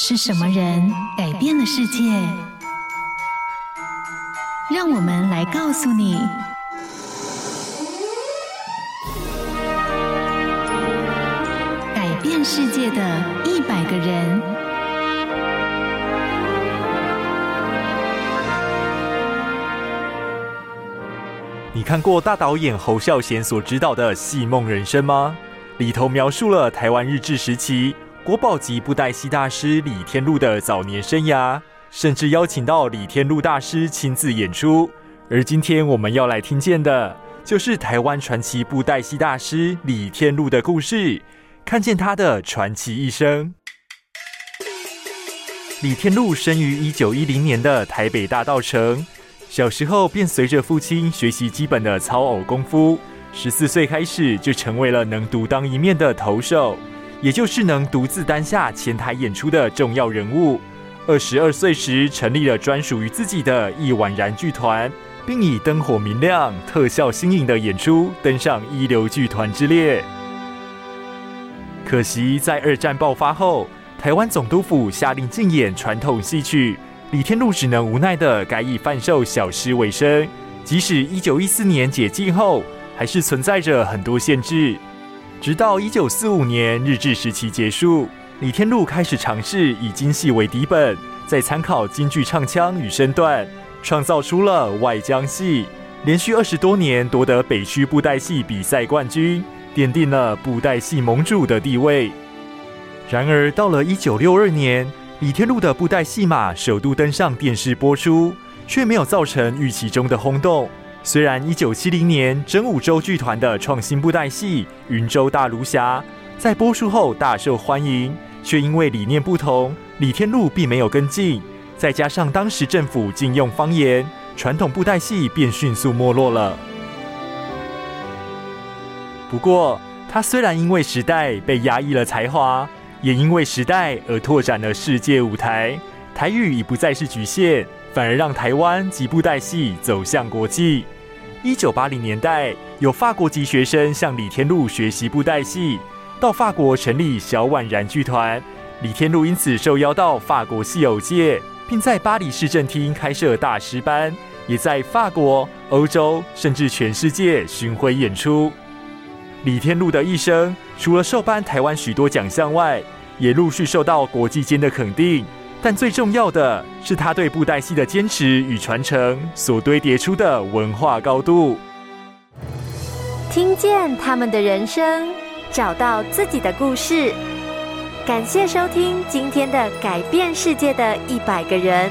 是什麼人改變了世界？讓我們來告訴你，改變世界的一百個人。你看過大導演侯孝賢所執導的《戲夢人生》嗎？裡頭描述了台灣日治時期。國寶級布袋戲大師李天祿的早年生涯，甚至邀請到李天祿大師親自演出。而今天我們要來聽見的，就是台灣傳奇布袋戲大師李天祿的故事，看見他的傳奇一生。李天祿生於一九一零年的台北大稻埕，小時候便隨着父親學習基本的操偶功夫，十四歲開始就成為了能獨當一面的投手。也就是能獨自擔下前臺演出的重要人物，二十二歲時成立了專屬於自己的亦宛然劇團，並以燈火明亮、特效新穎的演出登上一流劇團之列。可惜在二戰爆發後，台灣總督府下令禁演傳統戲曲，李天祿只能無奈地改以販售小吃為生。即使一九一四年解禁後，還是存在着很多限制。直到一九四五年日治時期結束，李天祿開始嘗試以京戲為底本，再參考京劇唱腔與身段，創造出了外江戲。連續二十多年奪得北區布袋戲比賽冠軍，奠定了布袋戲盟主的地位。然而，到了一九六二年，李天祿的布袋戲碼首度登上電視播出，卻沒有造成預期中的轟動。雖然一九七零年真五洲劇團的創新布袋戲《雲州大儒俠》在播出後大受歡迎，卻因為理念不同，李天祿並沒有跟進。再加上當時政府禁用方言，傳統布袋戲便迅速沒落了。不過，他雖然因為時代被壓抑了才華，也因為時代而拓展了世界舞台，台語已不再是局限。反而讓台灣及布袋戲走向國際。一九八零年代，有法國籍學生向李天祿學習布袋戲，到法國成立小宛然劇團。李天祿因此受邀到法國戲偶界，並在巴黎市政廳開設大師班，也在法國、歐洲甚至全世界巡迴演出。李天祿的一生，除了受頒台灣許多獎項外，也陸續受到國際間的肯定。但最重要的是，他對布袋戲的堅持與傳承所堆疊出的文化高度。聽見他們的人生，找到自己的故事。感謝收聽今天的《改變世界的一百個人》。